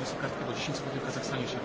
Państwo kartkę do 10 sekund w Kazachstanie się